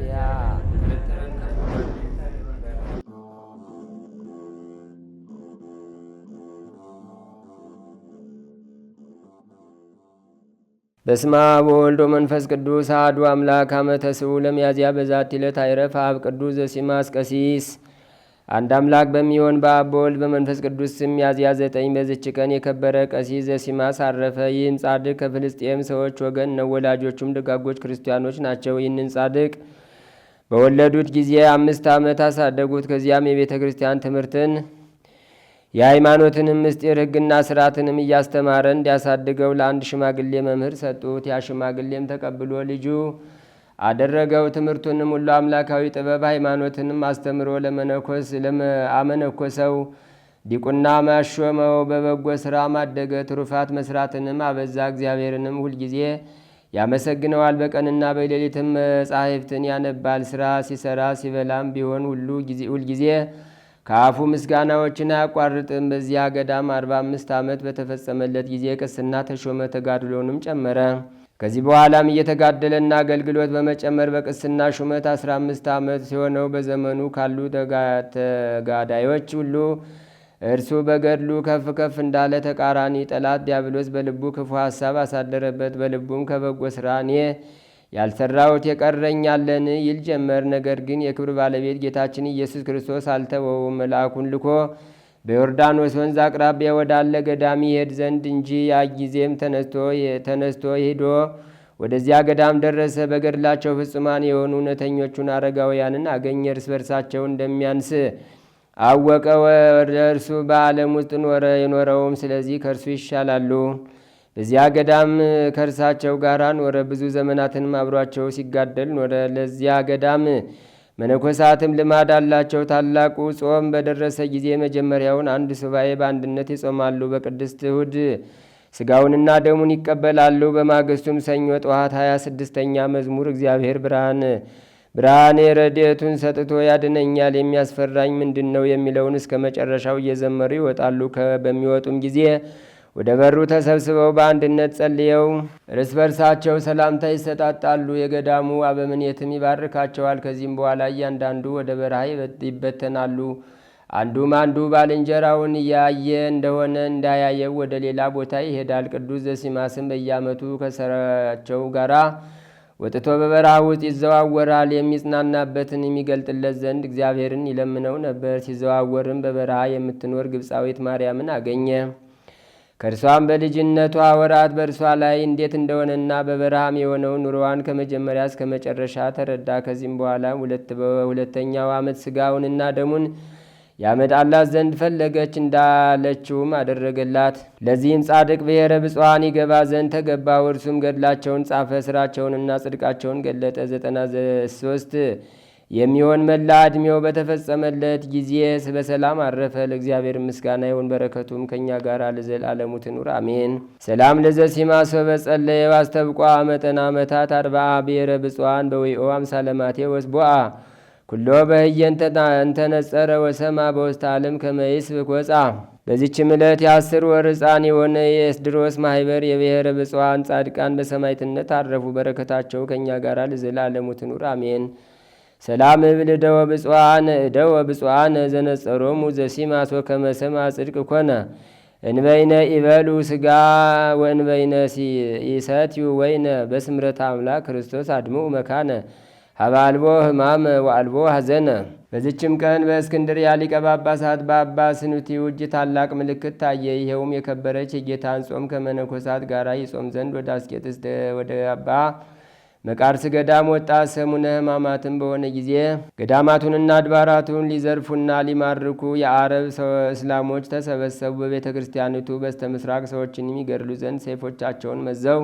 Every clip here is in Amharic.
ሩሲያ በስማ ወወልድ ወመንፈስ ቅዱስ አሐዱ አምላክ። አመተ ስዑ ለሚያዝያ በዛቲ ዕለት አይረፍ አብ ቅዱስ ዘሲማስ ቀሲስ። አንድ አምላክ በሚሆን በአብ በወልድ በመንፈስ ቅዱስ ስም ሚያዝያ ዘጠኝ በዝች ቀን የከበረ ቀሲስ ዘሲማስ አረፈ። ይህም ጻድቅ ከፍልስጤም ሰዎች ወገን ነው። ወላጆቹም ደጋጎች ክርስቲያኖች ናቸው። ይህንን ጻድቅ በወለዱት ጊዜ አምስት ዓመት አሳደጉት። ከዚያም የቤተ ክርስቲያን ትምህርትን የሃይማኖትንም ምስጢር ሕግና ስርዓትንም እያስተማረ እንዲያሳድገው ለአንድ ሽማግሌ መምህር ሰጡት። ያ ሽማግሌም ተቀብሎ ልጁ አደረገው። ትምህርቱንም ሁሉ አምላካዊ ጥበብ ሃይማኖትንም አስተምሮ ለመነኮስ አመነኮሰው። ዲቁና ማሾመው። በበጎ ስራ ማደገ። ትሩፋት መስራትንም አበዛ። እግዚአብሔርንም ሁልጊዜ ያመሰግነዋል። በቀንና በሌሊትም መጻሕፍትን ያነባል። ስራ ሲሰራ ሲበላም ቢሆን ሁልጊዜ ከአፉ ምስጋናዎችን አያቋርጥም። በዚያ ገዳም አርባ አምስት ዓመት በተፈጸመለት ጊዜ ቅስና ተሾመ። ተጋድሎንም ጨመረ። ከዚህ በኋላም እየተጋደለና አገልግሎት በመጨመር በቅስና ሹመት አስራ አምስት ዓመት ሲሆነው በዘመኑ ካሉ ተጋዳዮች ሁሉ እርሱ በገድሉ ከፍ ከፍ እንዳለ ተቃራኒ ጠላት ዲያብሎስ በልቡ ክፉ ሀሳብ አሳደረበት። በልቡም ከበጎ ስራ እኔ ያልሠራሁት የቀረኛለን ይል ጀመር። ነገር ግን የክብር ባለቤት ጌታችን ኢየሱስ ክርስቶስ አልተወው መልአኩን ልኮ በዮርዳኖስ ወንዝ አቅራቢያ ወዳለ ገዳም ይሄድ ዘንድ እንጂ። ያ ጊዜም ተነስቶ ሄዶ ወደዚያ ገዳም ደረሰ። በገድላቸው ፍጹማን የሆኑ እውነተኞቹን አረጋውያንን አገኘ። እርስ በርሳቸው እንደሚያንስ አወቀ ወደ እርሱ በዓለም ውስጥ ኖረ የኖረውም ስለዚህ ከእርሱ ይሻላሉ። በዚያ ገዳም ከእርሳቸው ጋር ኖረ። ብዙ ዘመናትንም አብሯቸው ሲጋደል ኖረ። ለዚያ ገዳም መነኮሳትም ልማድ አላቸው። ታላቁ ጾም በደረሰ ጊዜ መጀመሪያውን አንድ ሱባኤ በአንድነት ይጾማሉ። በቅድስት እሁድ ስጋውንና ደሙን ይቀበላሉ። በማግስቱም ሰኞ ጠዋት 26 ስድስተኛ መዝሙር እግዚአብሔር ብርሃን ብርሃኔ ረድኤቱን ሰጥቶ ያድነኛል፣ የሚያስፈራኝ ምንድን ነው የሚለውን እስከ መጨረሻው እየዘመሩ ይወጣሉ። በሚወጡም ጊዜ ወደ በሩ ተሰብስበው በአንድነት ጸልየው እርስ በርሳቸው ሰላምታ ይሰጣጣሉ። የገዳሙ አበምኔትም ይባርካቸዋል። ከዚህም በኋላ እያንዳንዱ ወደ በረሃ ይበተናሉ። አንዱም አንዱ ባልንጀራውን እያየ እንደሆነ እንዳያየው ወደ ሌላ ቦታ ይሄዳል። ቅዱስ ዘሲማስም በየዓመቱ ከሰራቸው ጋራ ወጥቶ በበረሃ ውስጥ ይዘዋወራል። የሚጽናናበትን የሚገልጥለት ዘንድ እግዚአብሔርን ይለምነው ነበር። ሲዘዋወርም በበረሃ የምትኖር ግብፃዊት ማርያምን አገኘ። ከእርሷም በልጅነቷ ወራት በእርሷ ላይ እንዴት እንደሆነና በበረሃም የሆነውን ኑሮዋን ከመጀመሪያ እስከ መጨረሻ ተረዳ። ከዚህም በኋላ በሁለተኛው ዓመት ስጋውንና ደሙን ያመጣላት ዘንድ ፈለገች፣ እንዳለችውም አደረገላት። ለዚህም ጻድቅ ብሔረ ብፁዓን ይገባ ዘንድ ተገባው። እርሱም ገድላቸውን ጻፈ፣ ስራቸውንና ጽድቃቸውን ገለጠ። ዘጠና ሶስት የሚሆን መላ ዕድሜው በተፈጸመለት ጊዜ በሰላም አረፈ። ለእግዚአብሔር ምስጋና ይሁን፣ በረከቱም ከእኛ ጋር ለዘላለሙ ትኑር አሜን። ሰላም ለዘሲማ ሶበጸለየ ዋስተብቋ መጠን ዓመታት አርባዓ ብሔረ ብፁዓን በዊኦ አምሳለማቴ ወስቦአ ኩሎ በህየንተ እንተነጸረ ወሰማ በውስተ ዓለም ከመይስብክ ወፃ። በዚችም ዕለት የአስር ወር ሕፃን የሆነ የኤስድሮስ ማህበር የብሔረ ብፅዋን ጻድቃን በሰማይትነት አረፉ። በረከታቸው ከእኛ ጋር ለዘላለሙ ትኑር አሜን። ሰላም እብል ደወ ብፁዓን ደወ ብፁዓን ዘነጸሮሙ ዘሲማሶ ከመሰማ ጽድቅ ኮነ እንበይነ ኢበሉ ስጋ ወእንበይነ ኢሰትዩ ወይነ በስምረት አምላክ ክርስቶስ አድምኡ መካነ ሀባልቦ ህማም ወአልቦ ሐዘነ። በዚችም ቀን በእስክንድርያ ሊቀ ጳጳሳት በአባ ስኑቲ እጅ ታላቅ ምልክት ታየ። ይኸውም የከበረች የጌታን ጾም ከመነኮሳት ጋር ይጾም ዘንድ ወደ አስቄጥስ ወደ አባ መቃርስ ገዳም ወጣ። ሰሙነ ህማማትም በሆነ ጊዜ ገዳማቱንና አድባራቱን ሊዘርፉና ሊማርኩ የአረብ እስላሞች ተሰበሰቡ። በቤተ ክርስቲያኒቱ በስተ ምስራቅ ሰዎችን የሚገድሉ ዘንድ ሰይፎቻቸውን መዘው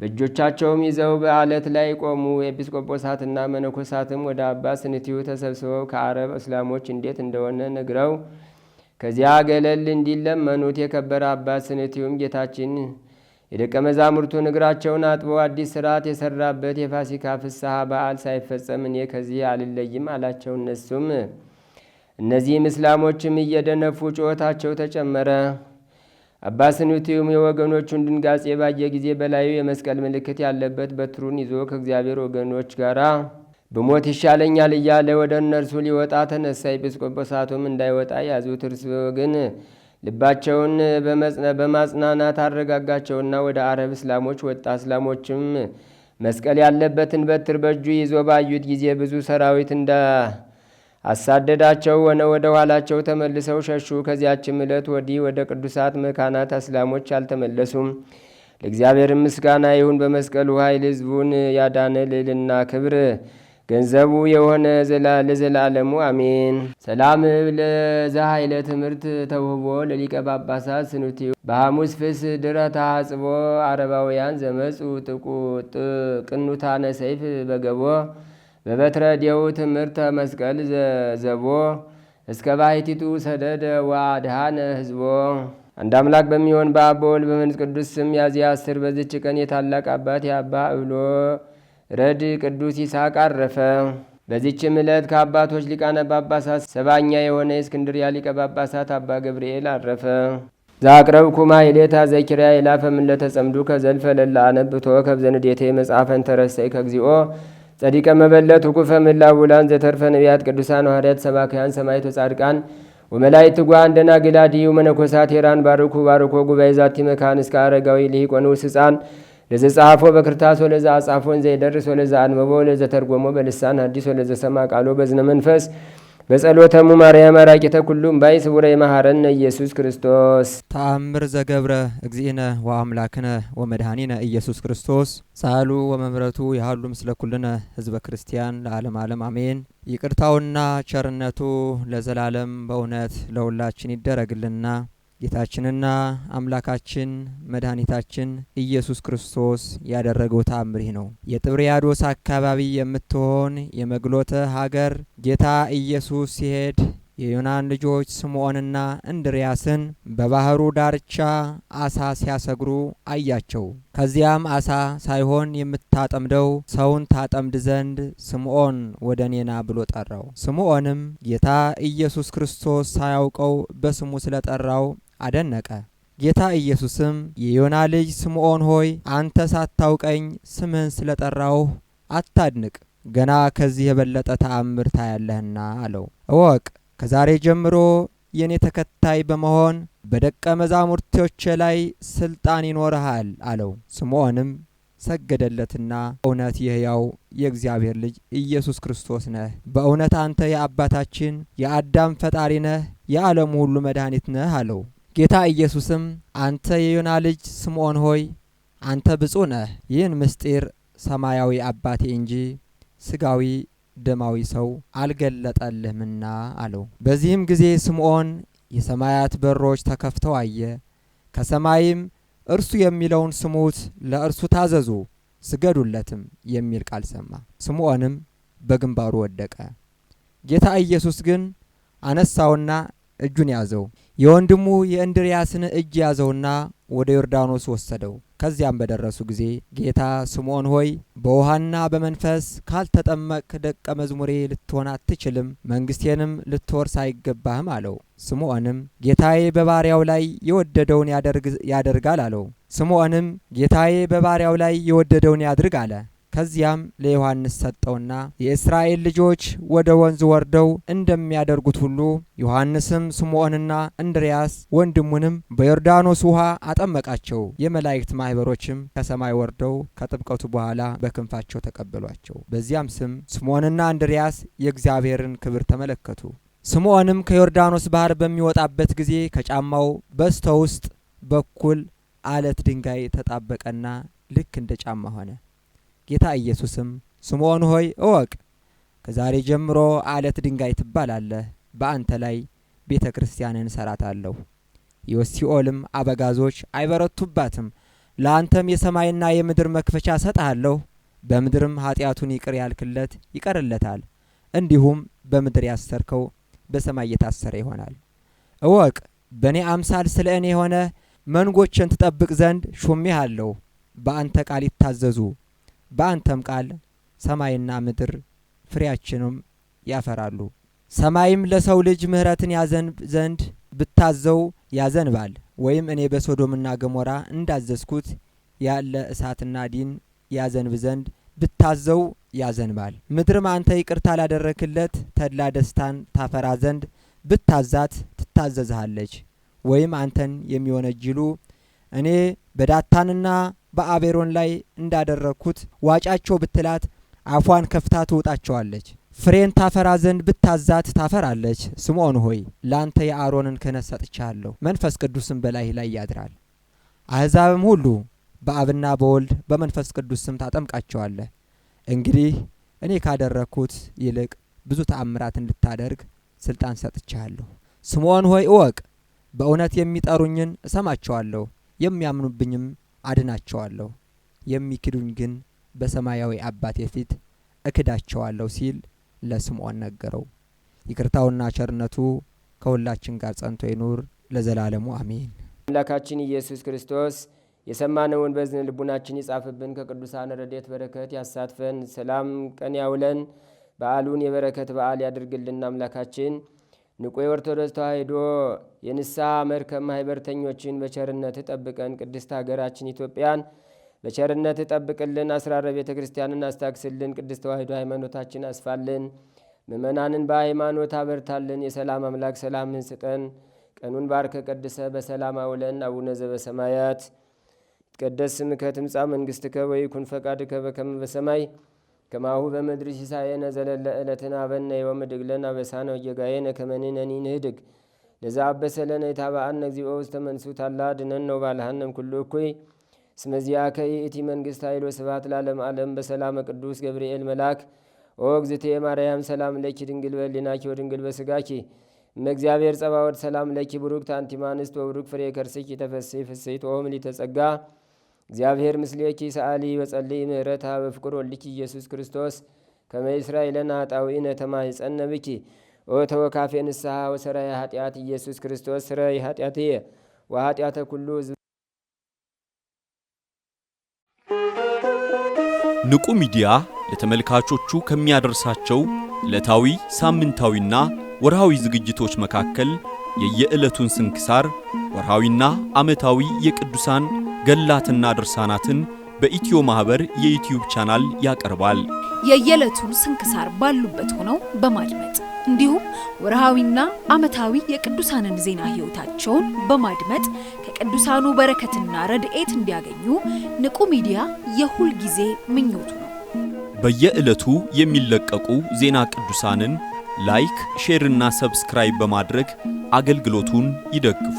በእጆቻቸውም ይዘው በአለት ላይ ቆሙ። ኤጲስቆጶሳትና መነኮሳትም ወደ አባ ስንቲው ተሰብስበው ከአረብ እስላሞች እንዴት እንደሆነ ነግረው ከዚያ ገለል እንዲለመኑት የከበረ አባ ስንቲውም ጌታችን የደቀ መዛሙርቱን እግራቸውን አጥቦ አዲስ ስርዓት የሰራበት የፋሲካ ፍስሐ በዓል ሳይፈጸም እኔ ከዚህ አልለይም አላቸው። እነሱም እነዚህም እስላሞችም እየደነፉ ጩኸታቸው ተጨመረ። አባ ስንቲውም የወገኖቹን ድንጋጼ ባየ ጊዜ በላዩ የመስቀል ምልክት ያለበት በትሩን ይዞ ከእግዚአብሔር ወገኖች ጋር ብሞት ይሻለኛል እያለ ወደ እነርሱ ሊወጣ ተነሳ። ኤጲስቆጶሳቱም እንዳይወጣ ያዙት። እርስ ግን ልባቸውን በማጽናናት አረጋጋቸውና ወደ አረብ እስላሞች ወጣ። እስላሞችም መስቀል ያለበትን በትር በእጁ ይዞ ባዩት ጊዜ ብዙ ሰራዊት እንዳ አሳደዳቸው ወነ ወደ ኋላቸው ተመልሰው ሸሹ። ከዚያችም ዕለት ወዲህ ወደ ቅዱሳት መካናት አስላሞች አልተመለሱም። ለእግዚአብሔር ምስጋና ይሁን። በመስቀሉ ኃይል ሕዝቡን ያዳነ ልዕልና ክብር ገንዘቡ የሆነ ለዘላለሙ አሜን። ሰላም ለዛኃይለ ትምህርት ተውህቦ ለሊቀ ጳጳሳት ስኑቲ በሐሙስ ፍስ ድረ ታጽቦ አረባውያን ዘመፁ ጥቁ ቅኑታነ ሰይፍ በገቦ በበትረ ዴው ትምህርተ መስቀል ዘቦ እስከ ባይቲቱ ሰደደ ዋድሃነ ህዝቦ። አንድ አምላክ በሚሆን በአብ በወልድ በመንፈስ ቅዱስ ስም ሚያዝያ አስር በዚች ቀን የታላቅ አባት የአባ እብሎ ረድ ቅዱስ ይስሐቅ አረፈ። በዚችም ዕለት ከአባቶች ሊቃነ ጳጳሳት ሰባኛ የሆነ የእስክንድርያ ሊቀ ጳጳሳት አባ ገብርኤል አረፈ። ዛቅረብ ኩማ ኢሌታ ዘኪርያ የላፈ ጸምዱ ከዘልፈ ለላ አነብቶ ከብዘንዴቴ መጽሐፈን ተረሰይ ከግዚኦ ጸዲቀ መበለት ውቁፈ ምላው ውላን ዘተርፈ ነቢያት ቅዱሳን ሐዋርያት ሰባክያን ሰማይቶ ጻድቃን ወመላይት ትጓን ደናግል አድኅዩ መነኮሳት ሄራን ባርኩ ባርኮ ጉባኤ ዛቲ መካን እስከ አረጋዊ ልሂቆን ውስ ለዘ ጸሐፎ በክርታስ ወለዘ አጻፎን ዘይደርስ ወለዘ አንበቦ ለዘ ተርጎሞ በልሳን አዲስ ወለዘ ሰማ ቃሎ በዝነ መንፈስ በጸሎተሙ ማርያም አራቂተ ኩሉም ባይ ስውረ የመሐረነ ኢየሱስ ክርስቶስ ተአምር ዘገብረ እግዚእነ ወአምላክነ ወመድኃኒነ ኢየሱስ ክርስቶስ ሳሉ ወመምረቱ ያህሉ ምስለ ኩልነ ህዝበ ክርስቲያን ለዓለም ዓለም አሜን። ይቅርታውና ቸርነቱ ለዘላለም በእውነት ለሁላችን ይደረግልና ጌታችንና አምላካችን መድኃኒታችን ኢየሱስ ክርስቶስ ያደረገው ታምሪህ ይህ ነው። የጥብርያዶስ አካባቢ የምትሆን የመግሎተ ሀገር ጌታ ኢየሱስ ሲሄድ የዮናን ልጆች ስምዖንና እንድርያስን በባህሩ ዳርቻ አሳ ሲያሰግሩ አያቸው። ከዚያም አሳ ሳይሆን የምታጠምደው ሰውን ታጠምድ ዘንድ ስምዖን ወደ እኔና ብሎ ጠራው። ስምዖንም ጌታ ኢየሱስ ክርስቶስ ሳያውቀው በስሙ ስለጠራው አደነቀ። ጌታ ኢየሱስም የዮና ልጅ ስምዖን ሆይ አንተ ሳታውቀኝ ስምህን ስለጠራውህ አታድንቅ፣ ገና ከዚህ የበለጠ ተአምር ታያለህና አለው። እወቅ ከዛሬ ጀምሮ የእኔ ተከታይ በመሆን በደቀ መዛሙርቶቼ ላይ ስልጣን ይኖርሃል አለው። ስምዖንም ሰገደለትና እውነት የሕያው የእግዚአብሔር ልጅ ኢየሱስ ክርስቶስ ነህ፣ በእውነት አንተ የአባታችን የአዳም ፈጣሪ ነህ፣ የዓለሙ ሁሉ መድኃኒት ነህ አለው። ጌታ ኢየሱስም አንተ የዮና ልጅ ስምዖን ሆይ አንተ ብፁዕ ነህ፣ ይህን ምስጢር ሰማያዊ አባቴ እንጂ ስጋዊ ደማዊ ሰው አልገለጠልህምና አለው። በዚህም ጊዜ ስምዖን የሰማያት በሮች ተከፍተው አየ። ከሰማይም እርሱ የሚለውን ስሙት፣ ለእርሱ ታዘዙ፣ ስገዱለትም የሚል ቃል ሰማ። ስምዖንም በግንባሩ ወደቀ። ጌታ ኢየሱስ ግን አነሳውና እጁን ያዘው። የወንድሙ የእንድርያስን እጅ ያዘውና ወደ ዮርዳኖስ ወሰደው። ከዚያም በደረሱ ጊዜ ጌታ ስምዖን ሆይ በውሃና በመንፈስ ካልተጠመቅ ደቀ መዝሙሬ ልትሆን አትችልም፣ መንግሥቴንም ልትወርስ አይገባህም አለው። ስምዖንም ጌታዬ በባሪያው ላይ የወደደውን ያደርጋል አለው። ስምዖንም ጌታዬ በባሪያው ላይ የወደደውን ያድርግ አለ። ከዚያም ለዮሐንስ ሰጠውና የእስራኤል ልጆች ወደ ወንዝ ወርደው እንደሚያደርጉት ሁሉ ዮሐንስም ስምዖንና እንድርያስ ወንድሙንም በዮርዳኖስ ውሃ አጠመቃቸው። የመላእክት ማህበሮችም ከሰማይ ወርደው ከጥምቀቱ በኋላ በክንፋቸው ተቀበሏቸው። በዚያም ስም ስምዖንና እንድርያስ የእግዚአብሔርን ክብር ተመለከቱ። ስምዖንም ከዮርዳኖስ ባህር በሚወጣበት ጊዜ ከጫማው በስተ ውስጥ በኩል አለት ድንጋይ ተጣበቀና ልክ እንደ ጫማ ሆነ። ጌታ ኢየሱስም ስምዖን ሆይ እወቅ፣ ከዛሬ ጀምሮ አለት ድንጋይ ትባላለህ፣ በአንተ ላይ ቤተ ክርስቲያንን አለሁ። የሲኦልም አበጋዞች አይበረቱባትም። ለአንተም የሰማይና የምድር መክፈቻ እሰጥሃለሁ፣ በምድርም ኃጢአቱን ይቅር ያልክለት ይቀርለታል፣ እንዲሁም በምድር ያሰርከው በሰማይ የታሰረ ይሆናል። እወቅ በእኔ አምሳል ስለ እኔ የሆነ መንጎችን ትጠብቅ ዘንድ ሹሜሃለሁ። በአንተ ቃል ይታዘዙ በአንተም ቃል ሰማይና ምድር ፍሬያችንም ያፈራሉ። ሰማይም ለሰው ልጅ ምሕረትን ያዘንብ ዘንድ ብታዘው ያዘንባል፣ ወይም እኔ በሶዶምና ገሞራ እንዳዘዝኩት ያለ እሳትና ዲን ያዘንብ ዘንድ ብታዘው ያዘንባል። ምድርም አንተ ይቅርታ ላደረክለት ተድላ ደስታን ታፈራ ዘንድ ብታዛት ትታዘዝሃለች፣ ወይም አንተን የሚወነጅሉ እኔ በዳታንና በአቤሮን ላይ እንዳደረግኩት ዋጫቸው ብትላት አፏን ከፍታ ትውጣቸዋለች። ፍሬን ታፈራ ዘንድ ብታዛት ታፈራለች። ስምዖን ሆይ ላንተ የአሮንን ክህነት ሰጥቻለሁ፣ መንፈስ ቅዱስም በላይ ላይ ያድራል። አሕዛብም ሁሉ በአብና በወልድ በመንፈስ ቅዱስ ስም ታጠምቃቸዋለህ። እንግዲህ እኔ ካደረግኩት ይልቅ ብዙ ተአምራት እንድታደርግ ስልጣን ሰጥቻለሁ። ስምዖን ሆይ እወቅ፣ በእውነት የሚጠሩኝን እሰማቸዋለሁ፣ የሚያምኑብኝም አድናቸዋለሁ፣ የሚክዱኝ ግን በሰማያዊ አባቴ ፊት እክዳቸዋለሁ ሲል ለስምዖን ነገረው። ይቅርታውና ቸርነቱ ከሁላችን ጋር ጸንቶ ይኑር ለዘላለሙ አሜን። አምላካችን ኢየሱስ ክርስቶስ የሰማነውን በዝን ልቡናችን ይጻፍብን፣ ከቅዱሳን ረድኤት በረከት ያሳትፈን፣ ሰላም ቀን ያውለን፣ በዓሉን የበረከት በዓል ያድርግልን አምላካችን ንቁ የኦርቶዶክስ ተዋሕዶ የንስሐ መርከብ ማኅበርተኞችን በቸርነት ጠብቀን፣ ቅድስት ሀገራችን ኢትዮጵያን በቸርነት ጠብቅልን፣ አስራረ ቤተ ክርስቲያንን አስታክስልን፣ ቅድስት ተዋሕዶ ሃይማኖታችን አስፋልን፣ ምእመናንን በሃይማኖት አበርታልን። የሰላም አምላክ ሰላምን ስጠን። ቀኑን ባርከ ቀድሰ በሰላም አውለን። አቡነ ዘበሰማያት ይትቀደስ ስምከ ትምጻእ መንግሥትከ ወይኩን ፈቃድከ በከመ በሰማይ ከማሁ በምድሪ ሲሳየነ ዘለለ ዕለትን አበነ ወምድግለን አበሳነ ወጌጋየነ ከመኔነኒ ንህድግ ለዛ አበሰለነ የታባአነ እግዚኦ ውስተ መንሱት አላ ድነን ነው ባልሃንም ኩሉ እኩይ ከይ እቲ መንግስት ኃይሎ ስብሐት ላለም ዓለም በሰላመ ቅዱስ ገብርኤል መልአክ ኦ እግዝእትየ ማርያም ሰላም ለኪ ድንግል በሊናኪ ወድንግል በስጋኪ እመእግዚአብሔር ጸባወድ ሰላም ለኪ ብሩክ ታንቲማንስት እምአንስት ፍሬ ከርስኪ ተፈሴ ፍሥሕት ኦ ምልዕተ ጸጋ እግዚአብሔር ምስሌኪ ሰአሊ በጸልይ ምህረታ በፍቅር ወልኪ ኢየሱስ ክርስቶስ ከመ እስራኤለን አጣዊነ ተማይጸነ ብኪ ኦ ተወካፌ ንስሐ ወሰራይ ኃጢአት ኢየሱስ ክርስቶስ ስረይ ኃጢአትየ ወኃጢአተ ኩሉ ንቁ ሚዲያ ለተመልካቾቹ ከሚያደርሳቸው ዕለታዊ ሳምንታዊና ወርሃዊ ዝግጅቶች መካከል የየዕለቱን ስንክሳር ወርሃዊና ዓመታዊ የቅዱሳን ገላትና ድርሳናትን በኢትዮ ማህበር የዩትዩብ ቻናል ያቀርባል። የየዕለቱን ስንክሳር ባሉበት ሆነው በማድመጥ እንዲሁም ወርሃዊና ዓመታዊ የቅዱሳንን ዜና ህይወታቸውን በማድመጥ ከቅዱሳኑ በረከትና ረድኤት እንዲያገኙ ንቁ ሚዲያ የሁል ጊዜ ምኞቱ ነው። በየዕለቱ የሚለቀቁ ዜና ቅዱሳንን ላይክ፣ ሼርና ሰብስክራይብ በማድረግ አገልግሎቱን ይደግፉ።